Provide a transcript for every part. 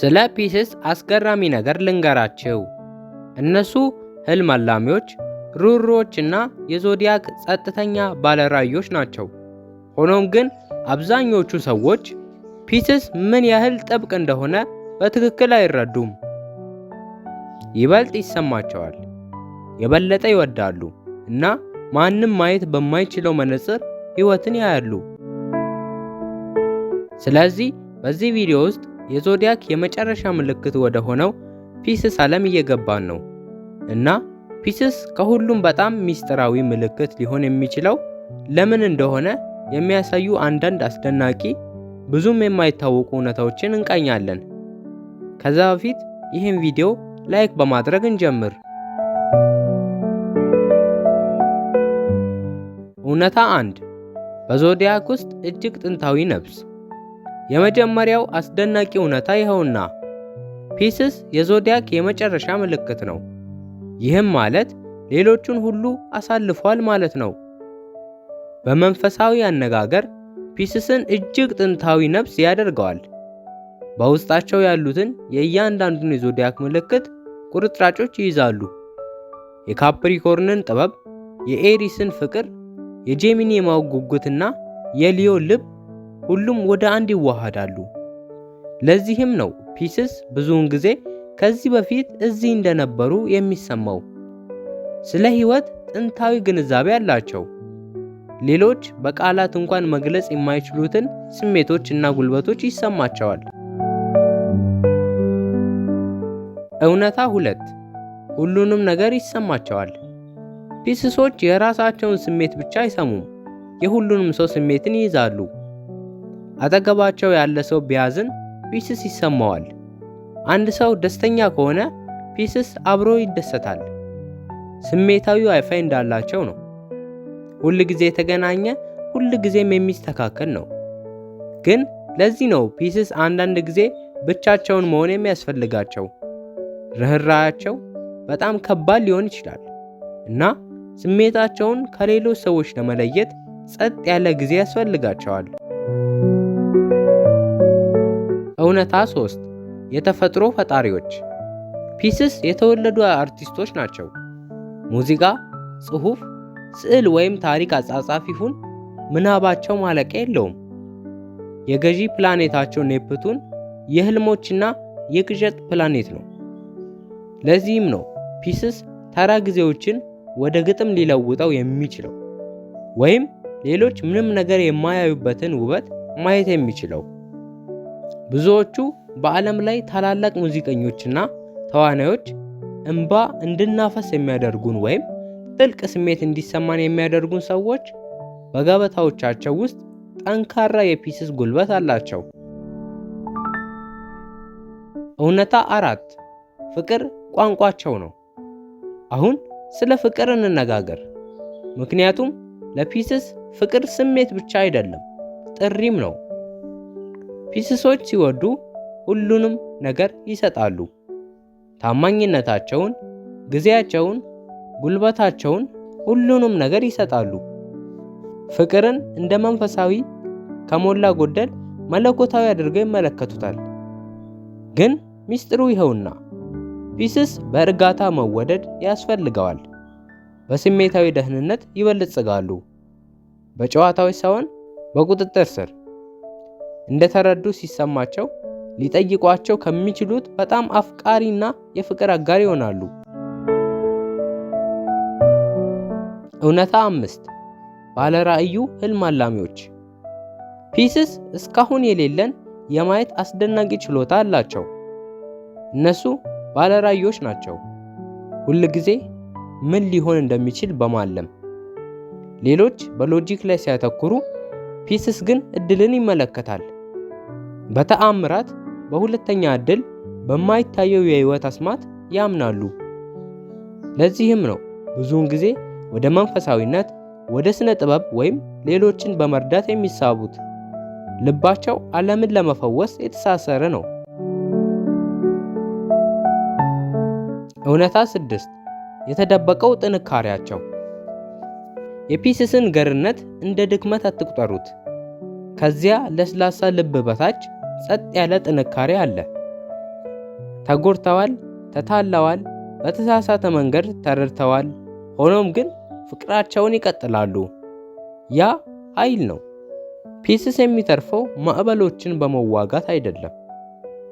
ስለ ፒስስ አስገራሚ ነገር ልንገራችሁ። እነሱ ህልም አላሚዎች፣ እና የዞዲያክ ጸጥተኛ ባለራዮች ናቸው። ሆኖም ግን አብዛኞቹ ሰዎች ፒስስ ምን ያህል ጥብቅ እንደሆነ በትክክል አይረዱም። ይበልጥ ይሰማቸዋል፣ የበለጠ ይወዳሉ እና ማንም ማየት በማይችለው መነጽር ህይወትን ያያሉ። ስለዚህ በዚህ ቪዲዮ ውስጥ የዞዲያክ የመጨረሻ ምልክት ወደ ሆነው ፒስስ ዓለም እየገባን ነው እና ፒስስ ከሁሉም በጣም ሚስጥራዊ ምልክት ሊሆን የሚችለው ለምን እንደሆነ የሚያሳዩ አንዳንድ አስደናቂ ብዙም የማይታወቁ እውነታዎችን እንቃኛለን። ከዛ በፊት ይህን ቪዲዮ ላይክ በማድረግ እንጀምር። እውነታ አንድ በዞዲያክ ውስጥ እጅግ ጥንታዊ ነፍስ የመጀመሪያው አስደናቂ እውነታ ይኸውና ፒስስ የዞዲያክ የመጨረሻ ምልክት ነው። ይህም ማለት ሌሎቹን ሁሉ አሳልፏል ማለት ነው። በመንፈሳዊ አነጋገር ፒስስን እጅግ ጥንታዊ ነፍስ ያደርገዋል። በውስጣቸው ያሉትን የእያንዳንዱን የዞዲያክ ምልክት ቁርጥራጮች ይይዛሉ። የካፕሪኮርንን ጥበብ፣ የኤሪስን ፍቅር፣ የጄሚኒ የማወቅ ጉጉትና የሊዮ ልብ ሁሉም ወደ አንድ ይዋሃዳሉ። ለዚህም ነው ፒስስ ብዙውን ጊዜ ከዚህ በፊት እዚህ እንደነበሩ የሚሰማው። ስለ ሕይወት ጥንታዊ ግንዛቤ አላቸው። ሌሎች በቃላት እንኳን መግለጽ የማይችሉትን ስሜቶች እና ጉልበቶች ይሰማቸዋል። እውነታ ሁለት ሁሉንም ነገር ይሰማቸዋል። ፒስሶች የራሳቸውን ስሜት ብቻ አይሰሙም፣ የሁሉንም ሰው ስሜትን ይይዛሉ። አጠገባቸው ያለ ሰው ቢያዝን ፒስስ ይሰማዋል። አንድ ሰው ደስተኛ ከሆነ ፒስስ አብሮ ይደሰታል። ስሜታዊ ዋይፋይ እንዳላቸው ነው። ሁል ጊዜ የተገናኘ ሁል ጊዜም የሚስተካከል ነው። ግን ለዚህ ነው ፒስስ አንዳንድ ጊዜ ብቻቸውን መሆን የሚያስፈልጋቸው። ርኅራያቸው በጣም ከባድ ሊሆን ይችላል እና ስሜታቸውን ከሌሎች ሰዎች ለመለየት ጸጥ ያለ ጊዜ ያስፈልጋቸዋል። እውነታ 3 የተፈጥሮ ፈጣሪዎች ፒስስ የተወለዱ አርቲስቶች ናቸው። ሙዚቃ፣ ጽሑፍ፣ ስዕል ወይም ታሪክ አጻጻፍ ይሁን ምናባቸው ማለቂያ የለውም። የገዢ ፕላኔታቸው ኔፕቱን የህልሞችና የቅዠት ፕላኔት ነው። ለዚህም ነው ፒስስ ተራ ጊዜዎችን ወደ ግጥም ሊለውጠው የሚችለው ወይም ሌሎች ምንም ነገር የማያዩበትን ውበት ማየት የሚችለው። ብዙዎቹ በዓለም ላይ ታላላቅ ሙዚቀኞችና ተዋናዮች እንባ እንድናፈስ የሚያደርጉን ወይም ጥልቅ ስሜት እንዲሰማን የሚያደርጉን ሰዎች በገበታዎቻቸው ውስጥ ጠንካራ የፒስስ ጉልበት አላቸው። እውነታ አራት ፍቅር ቋንቋቸው ነው። አሁን ስለ ፍቅር እንነጋገር፣ ምክንያቱም ለፒስስ ፍቅር ስሜት ብቻ አይደለም፣ ጥሪም ነው። ፒስሶች ሲወዱ ሁሉንም ነገር ይሰጣሉ። ታማኝነታቸውን፣ ጊዜያቸውን፣ ጉልበታቸውን፣ ሁሉንም ነገር ይሰጣሉ። ፍቅርን እንደ መንፈሳዊ ከሞላ ጎደል መለኮታዊ አድርገው ይመለከቱታል። ግን ሚስጥሩ ይኸውና ፊስስ በእርጋታ መወደድ ያስፈልገዋል። በስሜታዊ ደህንነት ይበለጽጋሉ፣ በጨዋታዊ ሳይሆን በቁጥጥር ስር እንደተረዱ ሲሰማቸው ሊጠይቋቸው ከሚችሉት በጣም አፍቃሪና የፍቅር አጋር ይሆናሉ። እውነታ አምስት ባለራእዩ ህልም አላሚዎች ፒስስ እስካሁን የሌለን የማየት አስደናቂ ችሎታ አላቸው። እነሱ ባለራእዮች ናቸው። ሁል ጊዜ ምን ሊሆን እንደሚችል በማለም ሌሎች በሎጂክ ላይ ሲያተኩሩ፣ ፒስስ ግን እድልን ይመለከታል። በተአምራት፣ በሁለተኛ ዕድል፣ በማይታየው የሕይወት አስማት ያምናሉ። ለዚህም ነው ብዙውን ጊዜ ወደ መንፈሳዊነት፣ ወደ ሥነ ጥበብ ወይም ሌሎችን በመርዳት የሚሳቡት። ልባቸው ዓለምን ለመፈወስ የተሳሰረ ነው። እውነታ ስድስት የተደበቀው ጥንካሬያቸው የፒስስን ገርነት እንደ ድክመት አትቁጠሩት። ከዚያ ለስላሳ ልብ በታች ጸጥ ያለ ጥንካሬ አለ። ተጎድተዋል፣ ተታለዋል፣ በተሳሳተ መንገድ ተረድተዋል። ሆኖም ግን ፍቅራቸውን ይቀጥላሉ። ያ ኃይል ነው። ፒስስ የሚተርፈው ማዕበሎችን በመዋጋት አይደለም፣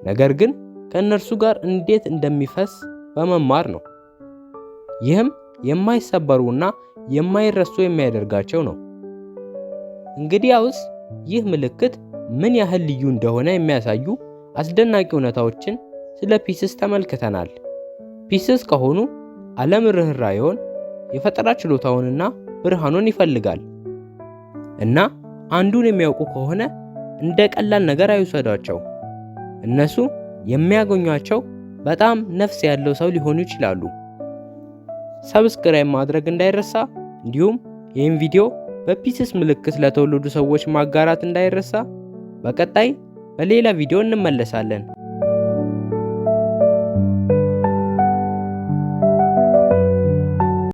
ነገር ግን ከእነርሱ ጋር እንዴት እንደሚፈስ በመማር ነው። ይህም የማይሰበሩና የማይረሱ የሚያደርጋቸው ነው። እንግዲያውስ ይህ ምልክት ምን ያህል ልዩ እንደሆነ የሚያሳዩ አስደናቂ እውነታዎችን ስለ ፒስስ ተመልክተናል። ፒስስ ከሆኑ ዓለም ርኅራኄውን፣ የፈጠራ ችሎታውንና ብርሃኑን ይፈልጋል እና አንዱን የሚያውቁ ከሆነ እንደ ቀላል ነገር አይውሰዷቸው። እነሱ የሚያገኟቸው በጣም ነፍስ ያለው ሰው ሊሆኑ ይችላሉ። ሰብስክራይብ ማድረግ እንዳይረሳ፣ እንዲሁም ይህን ቪዲዮ በፒስስ ምልክት ለተወለዱ ሰዎች ማጋራት እንዳይረሳ። በቀጣይ በሌላ ቪዲዮ እንመለሳለን።